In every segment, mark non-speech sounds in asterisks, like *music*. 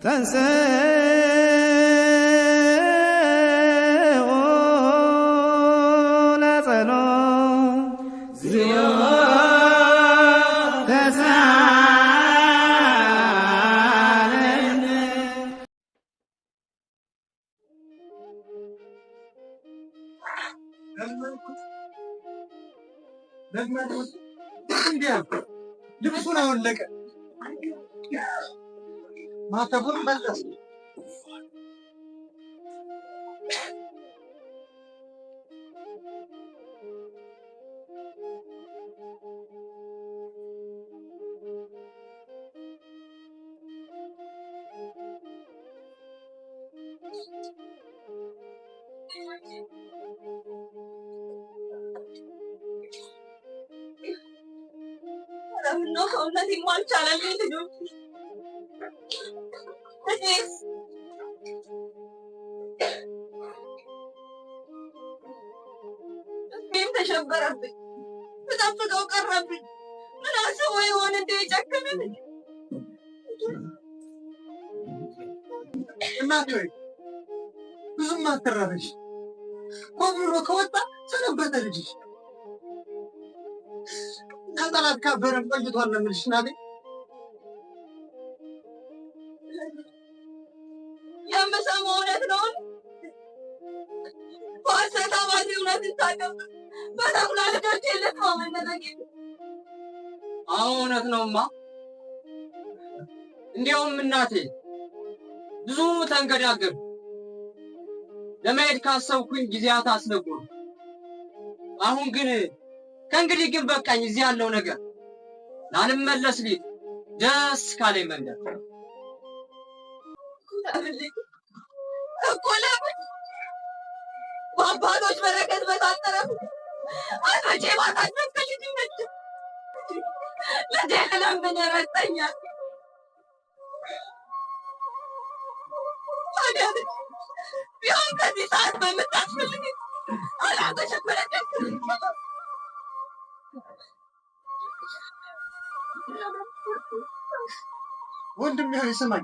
咱是。ከእውነት ይሟልቻላል ልጆች እኔም ተሸበረብኝ። ብጠብቀው ቀረብኝ። ምን አስቦ የሆነ እንደው የጨከነብኝ እናቴ ወይ ብዙም አትረበሽ። ኮብሎ ከወጣ ሰነበተ ልጅሽ ከጠላት ካበረን ቆይቷል ነው የምልሽ እናቴ። የምሰማው እውነት ነው። በሐሰት አባቴ እውነት ይታቀም በተኩላ ልጆች የለት ማመነጠቂ አሁ እውነት ነውማ። እንዲያውም እናቴ ብዙ ተንገዳገር ለመሄድ ካሰብኩኝ ጊዜያት አስነጉ አሁን ግን ከእንግዲህ ግን በቃኝ። እዚህ ያለው ነገር ላልመለስ ሊት ደስ ካለኝ መንገድ እኮ ለምን በአባቶች በረከት በታጠረ አቶቼ ባታች መከልት ይመድ ምን ረጠኛል ቢሆን ከዚህ ሰዓት በምታስፈልግ አላተሸመለደ ወንድም ያህል ይሰማኝ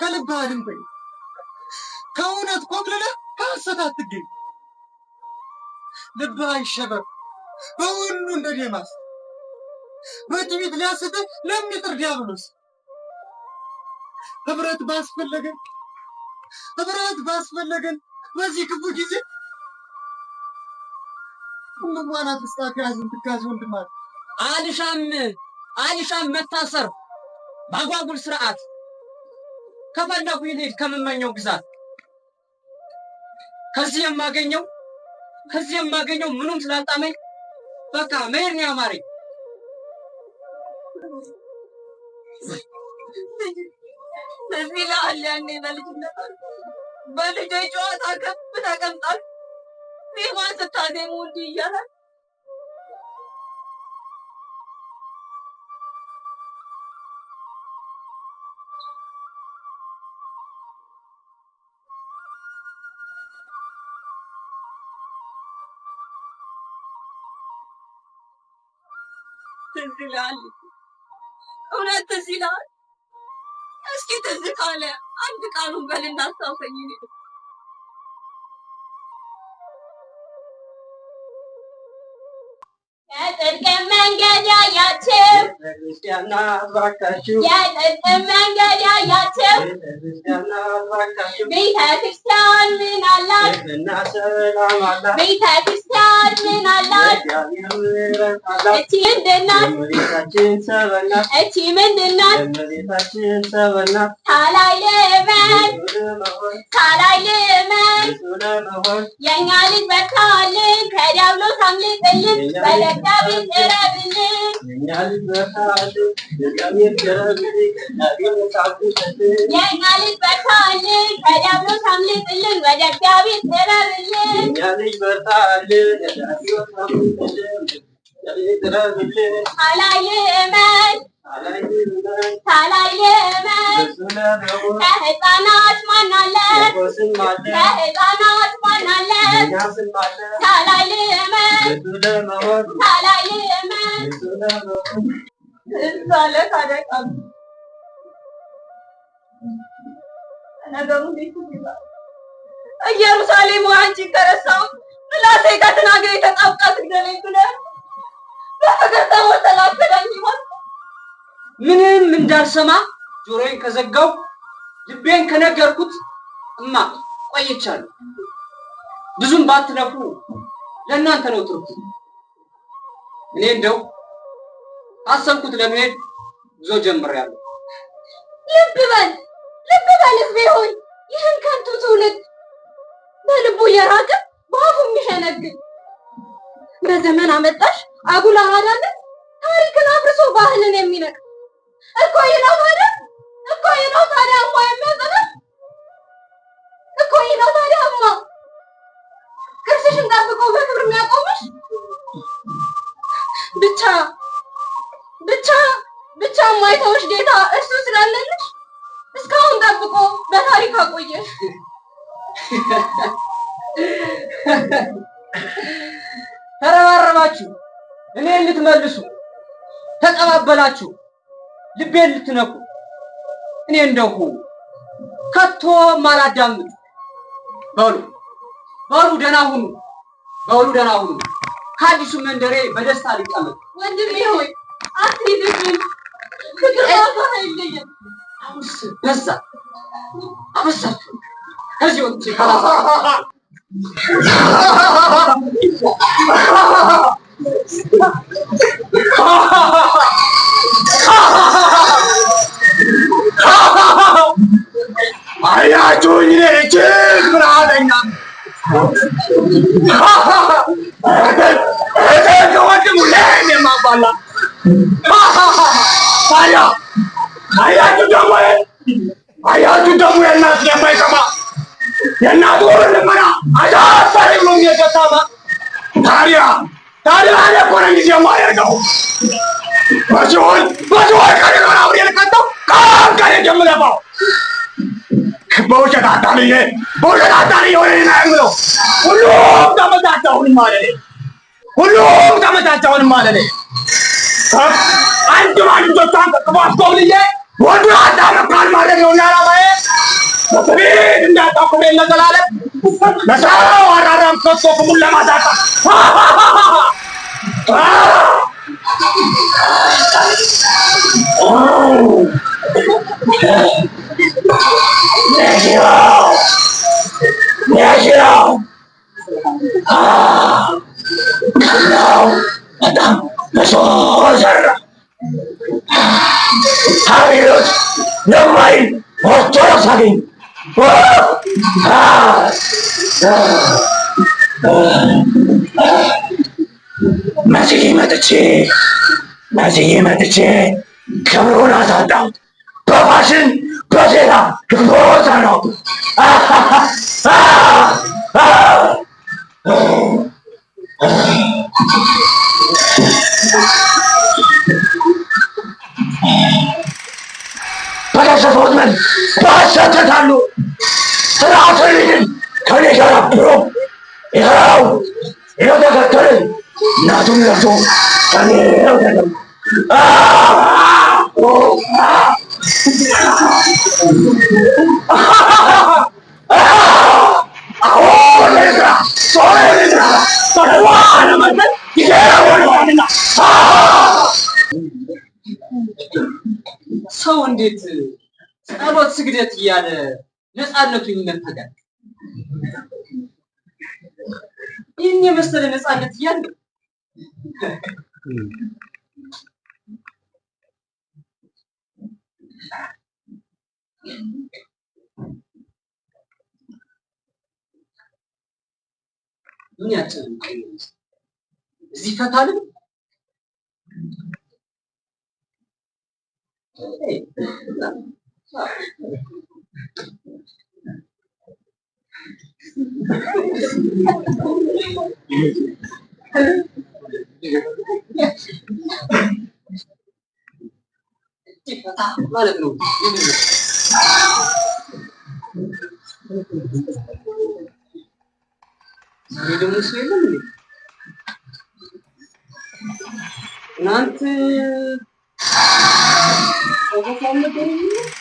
ከልብህ አድምጠኝ። ከእውነት ኮብልለህ ከሐሰት አትገኝ። ልብህ አይሸበር በሁሉ እንደ ዴማስ በትዕቢት ሊያስትህ ለሚጥር ዲያብሎስ ህብረት ባስፈለገን ህብረት ባስፈለገን በዚህ ክፉ ጊዜ ፍጹም መግባባት ውስጥ አትያዝም። ትካዝ ወንድማት አልሻም አልሻም መታሰር ባጓጉል ስርዓት ከፈለኩ ይልሄድ ከምመኘው ግዛት ከዚህ የማገኘው ከዚህ የማገኘው ምኑም ስላልጣመኝ በቃ መሄድ ነው ያማረኝ። እዚህ ላለ ያኔ በልጅነት በልጆች ጨዋታ ከፍ ተቀምጣል Hayvansa tadem oldu ya. تزلال أولا تزلال أشكي تزلال عندك عنهم قال الناس صافيين መንገድ ያያችሁ ቤተክርስቲያን ምን አላት? ቤተክርስቲያን ഞങ്ങളിൽ വെക്കാല് കരാവലോ സംലിൽ വെല്ലും വെലക്കാവിൽ നിറവില് ഞങ്ങളിൽ വെക്കാല് കരാവലോ സംലിൽ വെല്ലും വെലക്കാവിൽ നിറവില് ഞങ്ങളിൽ വെക്കാല് ታላይመን ለህፃናት ማናለ ለህፃናት ማናለ ታላይመን ኢየሩሳሌም አንቺን ከረሳሁት ጥላቴ ከትናገ የተጣብቃ ትግደለኝ ብለህ በፍቅር ተሞተላከዳኝ ይሆን ምንም እንዳልሰማ ጆሮዬን ከዘጋው ልቤን ከነገርኩት እማ ቆይቻለሁ። ብዙም ባትለፉ ለእናንተ ነው ትርፉ። እኔ እንደው አሰብኩት ለመሄድ ጉዞ ጀምሬያለሁ። ልብ በል ልብ በል ሕዝቤ ሆይ ይህን ከንቱ ትውልድ በልቡ እየራቅን የሚሸነግል በዘመን አመጣሽ አጉል አራዳነት ታሪክን አፍርሶ ባህልን የሚነቅ እኮ ይህ ታዲያ እኮ ታዲያ እማ እኮ ታዲያ እማ ቅርስሽን ጠብቆ በክብር የሚያቆምሽ ብቻ ብቻ ብቻ ማይተውሽ ጌታ ስላለልሽ እስካሁን ጠብቆ በታሪክ አቆየሽ። ተረባረባችሁ፣ እኔ ልትመልሱ ተቀባበላችሁ፣ ልቤን ልትነኩ እኔ እንደሁ ከቶ ማላዳምጥ። በሉ በሉ ደህና ሁኑ፣ በሉ ደህና ሁኑ። ከአዲሱ መንደሬ በደስታ ልቀመጥ። ወንድሜ ሆይ አትሂድብን፣ ፍቅር አይለየም። አሁንስ በዛ አበዛችሁ። ከዚህ ወጥቼ ከራሳ 아야 조인의 제그라 냉남 하하하 애들 저한테 몰래 내맘 발라 하하하 아야 아야 주정우에 아야 주정우에 나 그냥 말까봐 የእናቱ ልመና አሳሪ ብሎ የሚገታማ ታዲያ ታዲያ እኔ እኮ ነኝ ጊዜ የማደርገው በሲሆን በሲሆን ቀሪ ነው አብሬ ልቀጠው ቃም ቀሪ የምለፋው በውሸት አታልዬ በውሸት አታልዬ ሆነ ና የምለው ሁሉም ተመታቸ አሁን ማለኔ ሁሉም ተመታቸ አሁን ማለኔ አንድ ማንጆቿን ቅቧ አስጎብልዬ ወንዱ አዳመካል ማለት ነው እና አላማዬ ቤት እንዳጣቁሜ ለዘላለም ለሰው አራራም ከሶ ክሙን ለማሳጣ በጣም 마지막마치마지막마치겨우나왔다버신버세다그버사노아하하아아아아 ዘመን ባሰተታሉ ሥርዓትህን ከኔ ጋር ብሎ ይኸው የተከተለኝ እናቱም ረቶ ሰው እንዴት ጸሎት፣ ስግደት እያለ ነፃነቱን ይነፈጋል። ይህን የመሰለ ነፃነት እያለ ምን ያጨንቅ እዚህ ፈታልም Vale, Bruno. Ele não sei não. Nante. Eu vou falar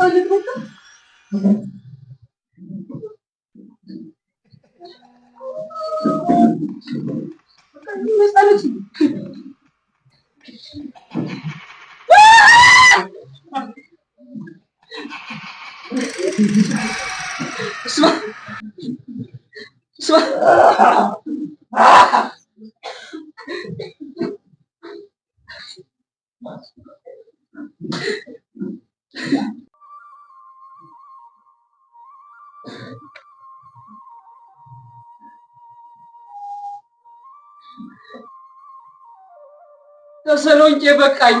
ስማ ስማ ነው እንጂ በቃኝ።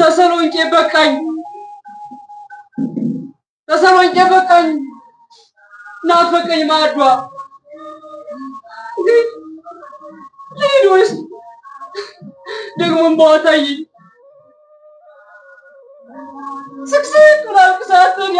ተሰሎንቄ በቃኝ፣ ተሰሎንቄ በቃኝ፣ ናፈቀኝ ማዕዷ ደግሞም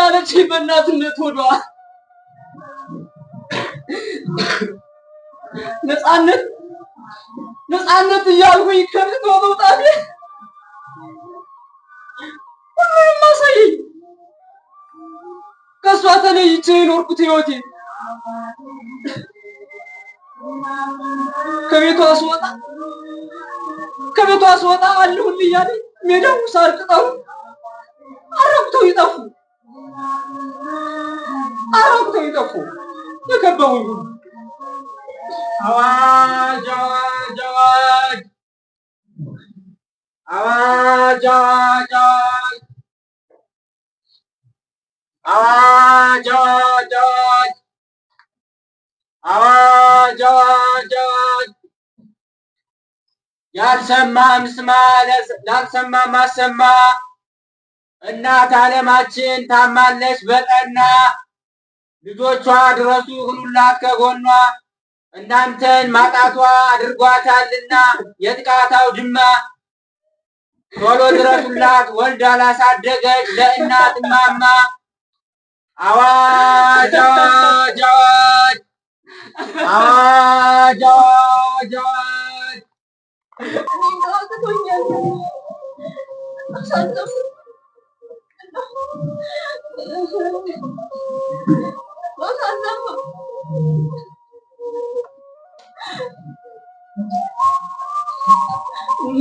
ያለች በእናትነት ሆዷ ነፃነት ነፃነት እያልኩኝ ከቤት መውጣቴ ሁሉንም አሳየኝ። ከእሷ ተለይቼ የኖርኩት ህይወቴ ከቤቷ ስወጣ ከቤቷ ስወጣ አለሁልህ እያለኝ ሜዳው ሳር ቅጠሉ አረግተው ይጠፉ አረግተው ይጠፉ የከበቡኝ አዋጅ አዋጅ አዋጅ አዋጅ አዋጅ አዋጅ ያልሰማ ምስማ ላልሰማ ማሰማ እናት አለማችን ታማለች በጠና ልጆቿ ድረሱ ሁኑላት ከጎኗ እናንተን ማጣቷ አድርጓታልና የጥቃት አውድማ ቶሎ ድረሱላት። ወልድ አላሳደገች ለእናት ማማ አዋጅ አዋጅ አዋጅ አዋጅ አዋጅ አዋጅ አዋጅ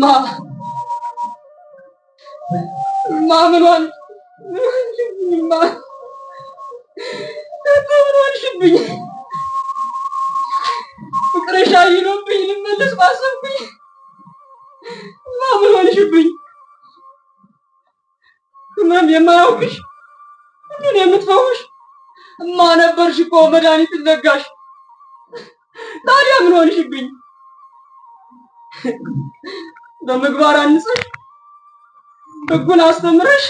ማ ማምኗል ማ ተምኗልሽብኝ ፍቅረሻ ይሎብኝ ልመለስ ባሰብኩኝ ህመም የማያውቅሽ የምትፈውሽ ነበርሽ እኮ መድኃኒት ታዲያ ምን ሆንሽብኝ? በምግባር አንጽሽ ህጉን አስተምረሽ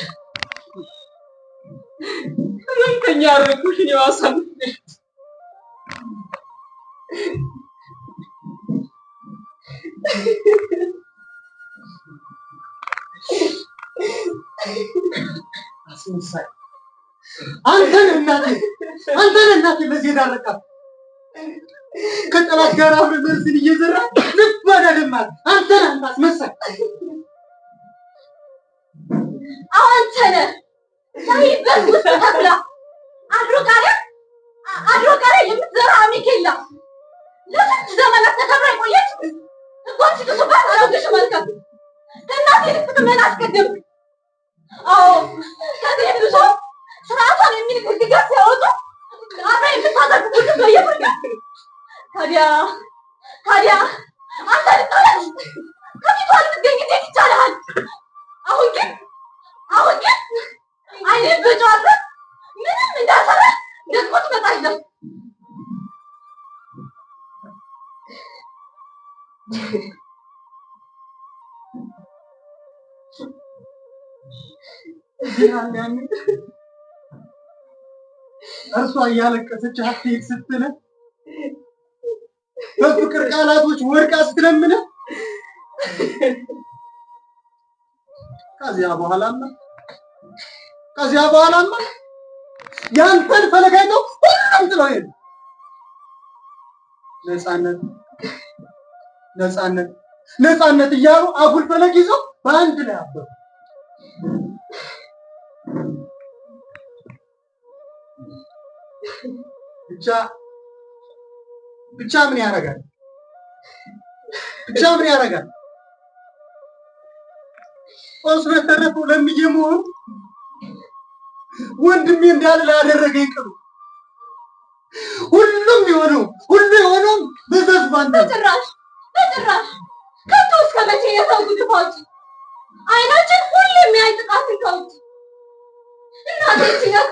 ህመምተኛ ያደረግኩሽ እኔ አሳምሽ። አንተን እናቴ አንተን እናቴ በዚህ ዳረቃ ከጠላት ጋር አብረ መርስን እየዘራ ልባን አደማት። አንተን አልማት መሳይ አንተነ ዛሬ በር ውስጥ ተኩላ አድሮ ጋር አድሮ ጋር የምትዘራ አሜኬላ ለስንት ዘመናት ተከብራ የቆየች እንኳን ሲቅሱባት አላውቅሽ መልካም ከእናቴ ልክ ትመን አስቀደም አዎ ከዚህ ብዙ ስርዓቷን የሚንግግጋት ሲያወጡ 아사히 바닥 무릎을 예쁘게 다리야 다리야 아사히 떨어 커피 도와주는 댕기 댕기 짜란 아홉 개 아홉 개 아니 왜 좋아서 맨날 맨날 살아 내가 꼬투가 다니다 미안해 እርሷ እያለቀሰች አትሄድ ስትልህ በፍቅር ቃላቶች ወድቃ ስትለምንህ ከዚያ በኋላማ ከዚያ በኋላማ ያንተን ፈለግ አይተው ሁሉም ነፃነት ነፃነት ነፃነት እያሉ አጉል ፈለግ ይዘው በአንድ ላይ አበሩ። ብቻ ብቻ ምን ያደርጋል? ብቻ ምን ያደርጋል? ቆስ የተረፈው ለምዬ መሆኑ ወንድሜ እንዳለ ላደረገ ይቅሩ። ሁሉም የሆነው ሁሉ የሆነው በዘዝባ በጭራሽ በጭራሽ ከቶ እስከ መቼ የሰው ጉድ ከውጭ አይናችን ሁሉ የሚያይ ጥቃት ከውጭ እናቶች ይነኩ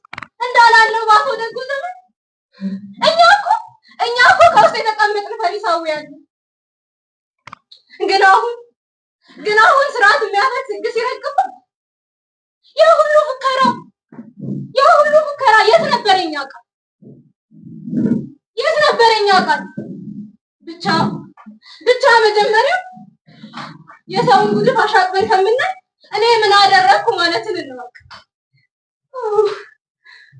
እንዳላለው ባፎ ደጉ ዘመን እኛ እኮ እኛ እኮ ከውስጥ የተቀመጥን ፈሪሳውያን ግን አሁን ግን አሁን ስርዓት የሚያፈት ህግ ሲረግፉ ያ ሁሉ ሙከራ ያ ሁሉ ሙከራ የት ነበረኛ ቃል የት ነበረኛ ቃል ብቻ ብቻ መጀመሪያ የሰውን ጉድፍ አሻቅበን ከምናይ እኔ ምን አደረግኩ ማለትን እንወቅ።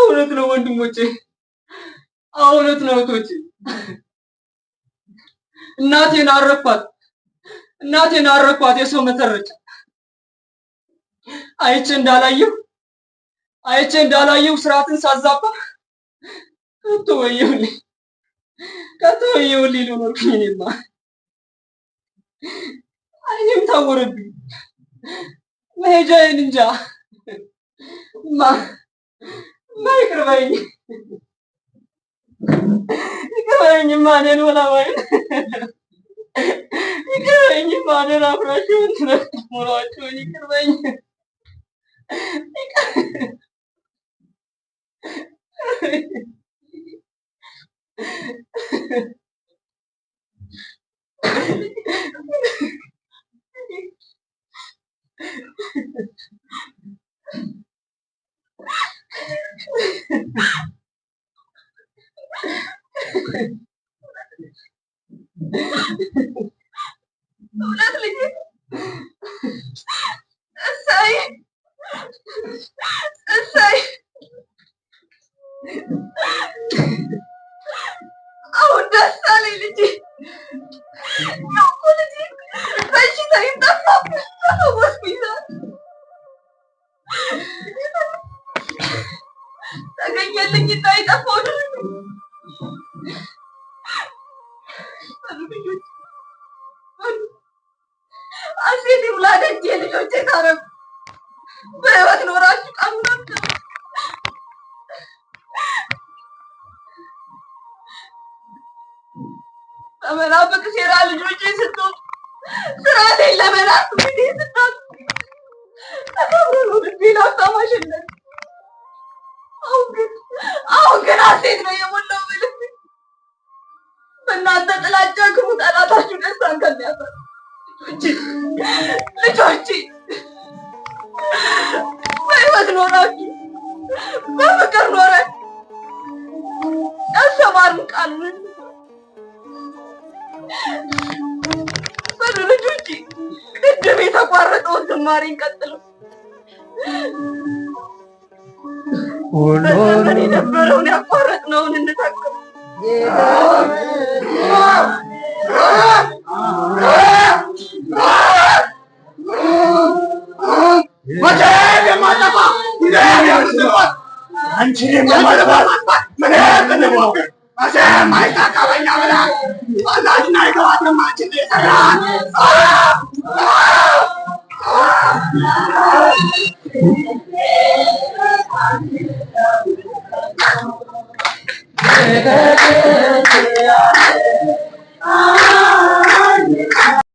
እውነት ነው ወንድሞቼ፣ እውነት ነው እህቶቼ። እናቴን አረኳት፣ እናቴን አረኳት። የሰው መተረጫ አይቼ እንዳላየሁ አይቼ እንዳላየሁ ስርዓትን ሳዛባ ከቶ ወየሁልኝ፣ ከቶ ወየሁልኝ ልኖርኩኝ። እኔማ አይም ታወረብኝ፣ መሄጃዬን እንጃ ማ ይቅርበኝ ይቅርበኝማ እኔን ወላዋይ ይቅርበኝማ እኔን አብራችሁ ትኖራችሁን ይቅርበኝ *laughs* Letterlijk መናፍቅ ሴራ ልጆች ስትሆን ስርዓት ለመናት ስታት ተከብሮ አሁን ግን አሁን ግን ነው የሞላው በእናንተ ጥላቻ ጠላታችሁ ደስታን ከሚያፈር ልጆች በሕይወት ኖራችሁ በፍቅር ቃሉን በሉ ልጆች፣ ቅድም የተቋረጠውን ዝማሬ እንቀጥል። በዘመን የነበረውን ያቋረጥነውን እንታቅም። አንቺን የማጠፋ ምን ያህል असे माहिती का वैना नाही का आता माझे